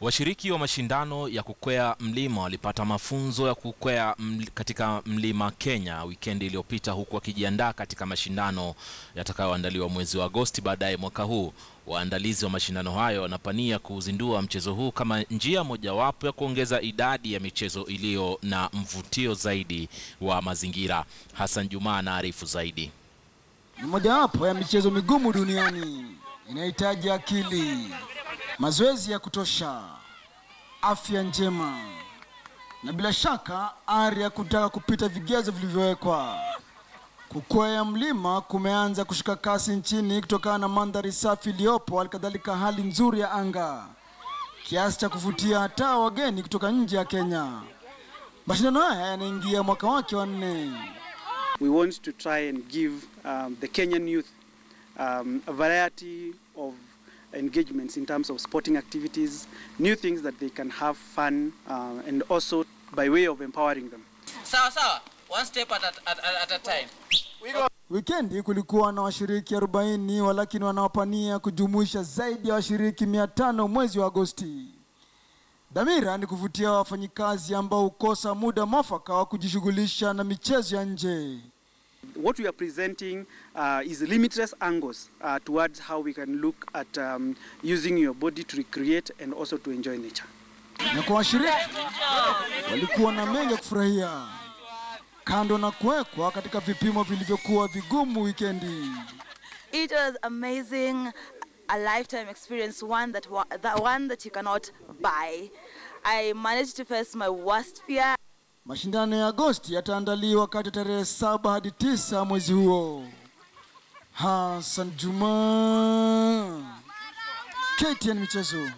Washiriki wa mashindano ya kukwea mlima walipata mafunzo ya kukwea ml katika mlima Kenya wikendi iliyopita huku wakijiandaa katika mashindano yatakayoandaliwa mwezi wa Agosti baadaye mwaka huu. Waandalizi wa mashindano hayo wanapania kuuzindua mchezo huu kama njia mojawapo ya kuongeza idadi ya michezo iliyo na mvutio zaidi wa mazingira. Hassan juma anaarifu zaidi. Mojawapo ya michezo migumu duniani inahitaji akili mazoezi ya kutosha, afya njema na bila shaka ari ya kutaka kupita vigezo vilivyowekwa. Kukwea mlima kumeanza kushika kasi nchini kutokana na mandhari safi iliyopo, halikadhalika hali nzuri ya anga kiasi cha kuvutia hata wageni kutoka nje ya Kenya. Mashindano haya yanaingia mwaka wake wa nne. We want to try and give um, the Kenyan youth um, a variety engagements in terms of sporting activities, new things that they can have fun uh, and also by way of empowering them. Sawa sawa, one step at a, at, at a time. We go. Wikendi kulikuwa na washiriki 40 walakini wanaopania kujumuisha zaidi ya washiriki 500 mwezi wa Agosti. Dhamira ni kuvutia wafanyikazi ambao hukosa muda mwafaka wa kujishughulisha na michezo ya nje. What we are presenting uh, is limitless angles uh, towards how we can look at um, using your body to recreate and also to enjoy nature. Na walikuwa na mengi kufurahia kando na kuwekwa katika vipimo vilivyokuwa vigumu It was amazing, a lifetime experience, one that, that one that you cannot buy. I managed to face my worst fear Mashindano ya Agosti yataandaliwa kati ya tarehe saba hadi tisa mwezi huo. Hassan Juma, KTN Michezo.